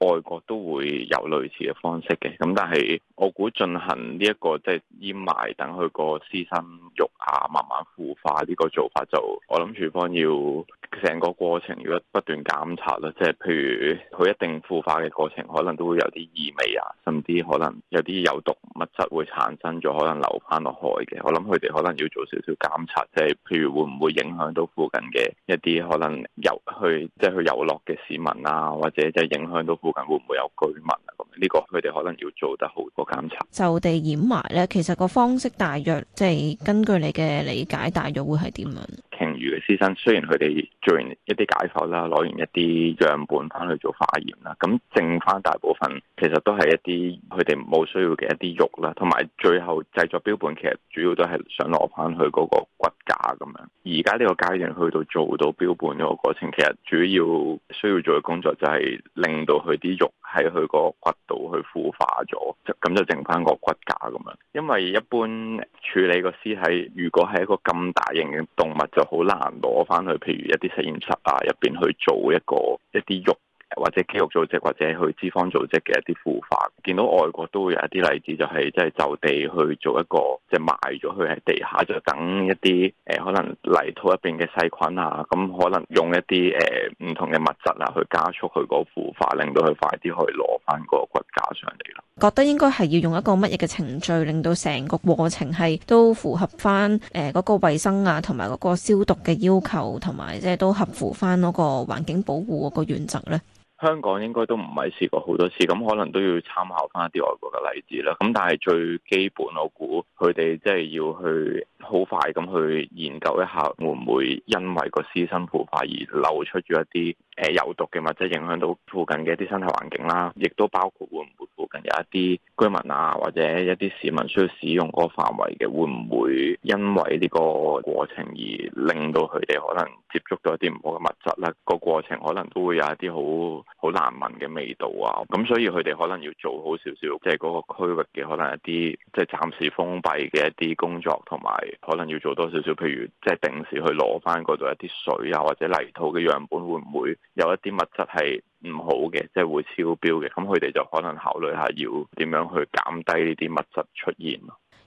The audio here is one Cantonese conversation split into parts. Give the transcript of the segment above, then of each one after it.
外國都會有類似嘅方式嘅，咁但係我估進行呢、這、一個即係掩埋等佢個屍身肉啊慢慢腐化呢、這個做法就我諗署方要。成個過程如果不斷檢查啦，即係譬如佢一定腐化嘅過程，可能都會有啲異味啊，甚至可能有啲有毒物質會產生咗，可能流翻落海嘅。我諗佢哋可能要做少少檢查，即係譬如會唔會影響到附近嘅一啲可能游去即係去遊樂嘅市民啊，或者即係影響到附近會唔會有居民啊？咁呢個佢哋可能要做得好多檢查。就地掩埋咧，其實個方式大約即係根據你嘅理解，大約會係點樣？屍身，雖然佢哋做完一啲解剖啦，攞完一啲樣本翻去做化驗啦，咁剩翻大部分其實都係一啲佢哋冇需要嘅一啲肉啦，同埋最後製作標本其實主要都係想攞翻佢嗰個骨架咁樣。而家呢個階段去到做到標本嗰個過程，其實主要需要做嘅工作就係令到佢啲肉。喺佢個骨度去腐化咗，咁就剩翻個骨架咁樣。因為一般處理個屍體，如果係一個咁大型嘅動物，就好難攞翻去，譬如一啲實驗室啊入邊去做一個一啲肉。或者肌肉組織或者去脂肪組織嘅一啲腐化，見到外國都會有一啲例子，就係即係就地去做一個，即係埋咗佢喺地下，就等一啲誒、呃、可能泥土入邊嘅細菌啊，咁可能用一啲誒唔同嘅物質啊，去加速佢個腐化，令到佢快啲去攞翻個骨架上嚟咯。覺得應該係要用一個乜嘢嘅程序，令到成個過程係都符合翻誒嗰個衛生啊，同埋嗰個消毒嘅要求，同埋即係都合乎翻嗰個環境保護嗰個原則咧。香港應該都唔係試過好多次，咁可能都要參考翻一啲外國嘅例子啦。咁但係最基本，我估佢哋即係要去好快咁去研究一下，會唔會因為個屍身腐化而流出咗一啲誒有毒嘅物質，影響到附近嘅一啲生態環境啦？亦都包括會唔會附近有一啲居民啊，或者一啲市民需要使用嗰個範圍嘅，會唔會因為呢個過程而令到佢哋可能接觸到一啲唔好嘅物質咧？個過程可能都會有一啲好，好難聞嘅味道啊！咁所以佢哋可能要做好少少，即係嗰個區域嘅可能一啲，即係暫時封閉嘅一啲工作，同埋可能要做多少少，譬如即係定時去攞翻嗰度一啲水啊，或者泥土嘅樣本，會唔會有一啲物質係唔好嘅，即係會超標嘅？咁佢哋就可能考慮下要點樣去減低呢啲物質出現。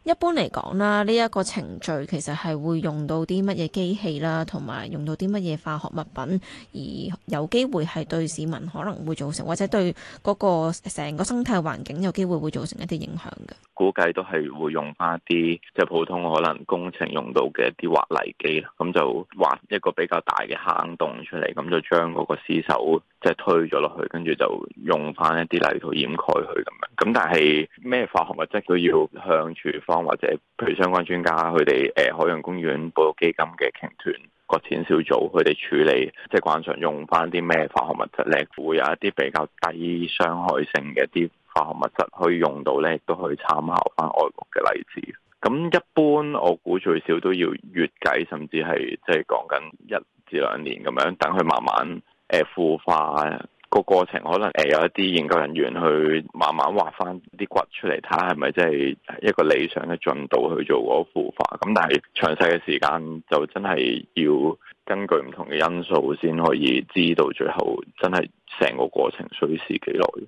一般嚟講啦，呢一個程序其實係會用到啲乜嘢機器啦，同埋用到啲乜嘢化學物品，而有機會係對市民可能會造成，或者對嗰個成個生態環境有機會會造成一啲影響嘅。估計都係會用翻啲即係普通可能工程用到嘅一啲挖泥機啦，咁就挖一個比較大嘅坑洞出嚟，咁就將嗰個屍首即係推咗落去，跟住就用翻一啲泥土掩蓋佢咁樣。咁但係咩化學物質都要向處或者譬如相關專家佢哋誒海洋公園保育基金嘅鯨豚擱淺小組，佢哋處理即係慣常用翻啲咩化學物質咧，會有一啲比較低傷害性嘅一啲化學物質可以用到咧，亦都可以參考翻外國嘅例子。咁一般我估最少都要月計，甚至係即係講緊一至兩年咁樣，等佢慢慢誒腐、呃、化。個過程可能誒有一啲研究人員去慢慢挖翻啲骨出嚟，睇下係咪真係一個理想嘅進度去做嗰個腐化。咁但係詳細嘅時間就真係要根據唔同嘅因素先可以知道最後真係成個過程需時幾耐。